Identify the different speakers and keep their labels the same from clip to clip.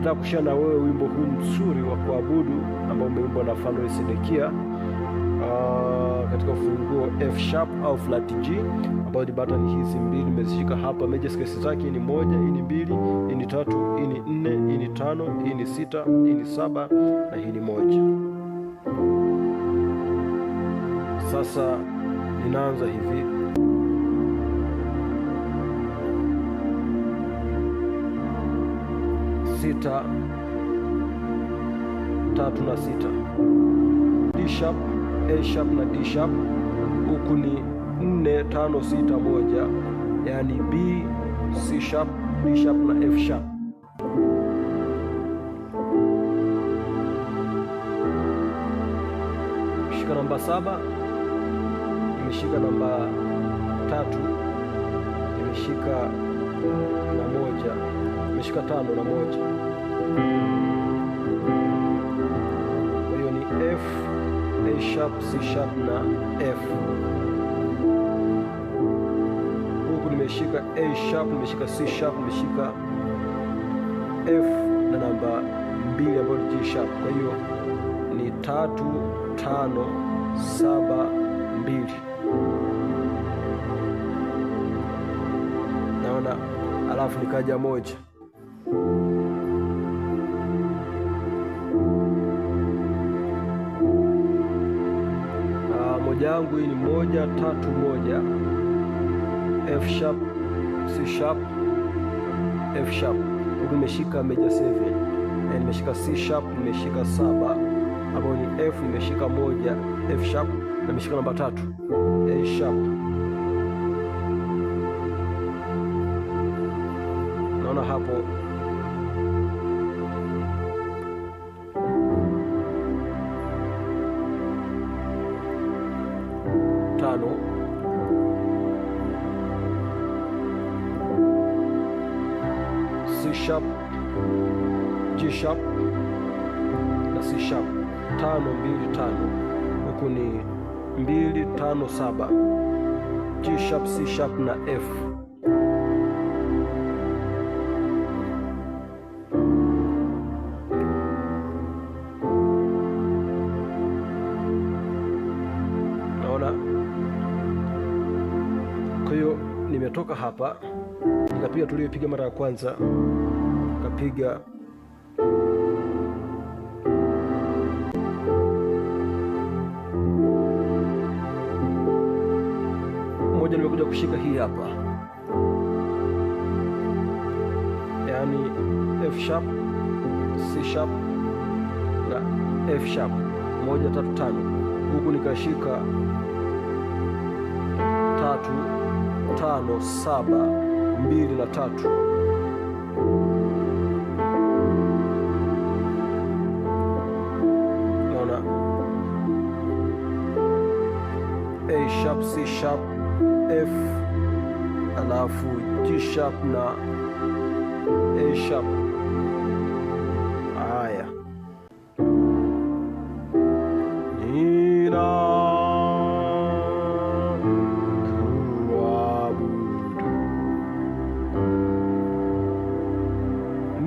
Speaker 1: Nataka kushia na wewe wimbo huu mzuri wa kuabudu ambao umeimbwa na Fano Sedekia uh, ah, katika ufunguo F sharp au flat G, ambao ni button hizi mbili nimezishika hapa. Major scales zake ni moja, hii ni mbili, hii ni tatu, hii ni nne, hii ni tano, hii ni sita, hii ni saba na hii ni moja. Sasa ninaanza hivi sita tatu na sita D sharp, A sharp na D sharp. Huku ni nne tano sita moja, yaani B, C sharp, D sharp na F sharp. Shika namba saba, imeshika namba tatu, imeshika ameshika tano na moja, kwa hiyo ni F, A sharp, C sharp na F. Huku nimeshika A sharp, nimeshika C sharp, nimeshika F na namba mbili ambayo ni G sharp, kwa hiyo ni tatu tano saba mbili. Naona alafu nikaja moja moja yangu hii ni moja tatu moja, F sharp, C sharp, F sharp. Huku nimeshika meja 7, eh, nimeshika C sharp, nimeshika saba ambayo ni F, nimeshika moja, F sharp na nimeshika namba tatu, A sharp. Naona hapo C sharp, G sharp das ist sharp. Tano mbili tano, Ukuni, ni tano saba, G sharp, C na F. kwa hiyo nimetoka hapa pia tuliyopiga mara ya kwanza, kapiga moja, nimekuja kushika hii hapa, yaani F sharp, C sharp na F sharp moja tatu tano, huku nikashika tatu tano saba mbili na tatu. Naona A sharp, C sharp, F alafu G sharp na A sharp.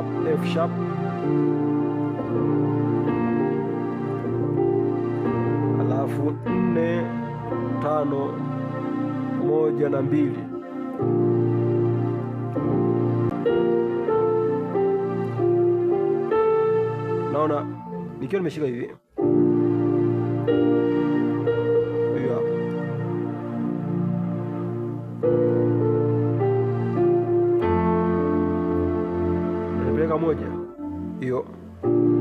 Speaker 1: sharp, F sharp. Alafu nne tano moja na mbili naona nikiwa nimeshika hivi yo.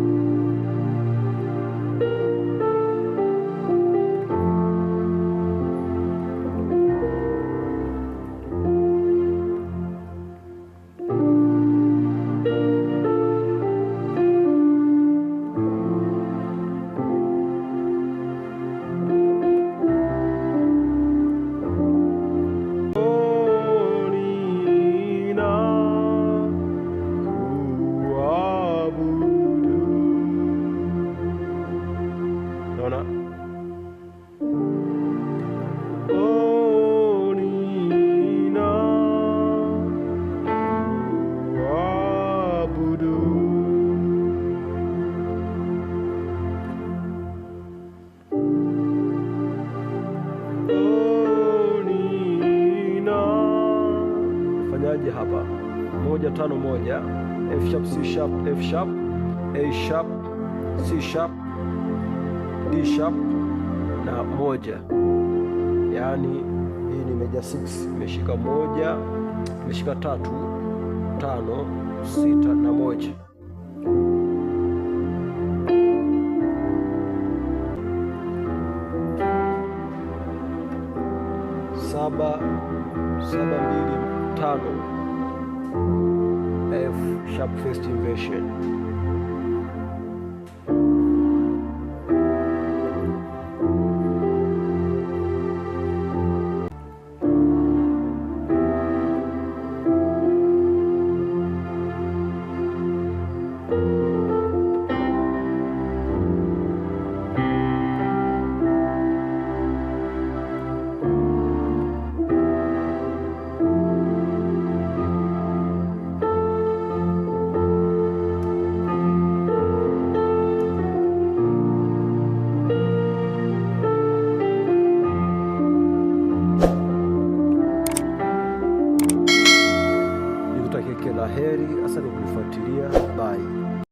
Speaker 1: tano moja F sharp C sharp F sharp A sharp C sharp D sharp na moja, yaani hii ni meja 6 imeshika moja, imeshika tatu, tano, sita na moja. Saba, saba mbili tano sharp-faced invasion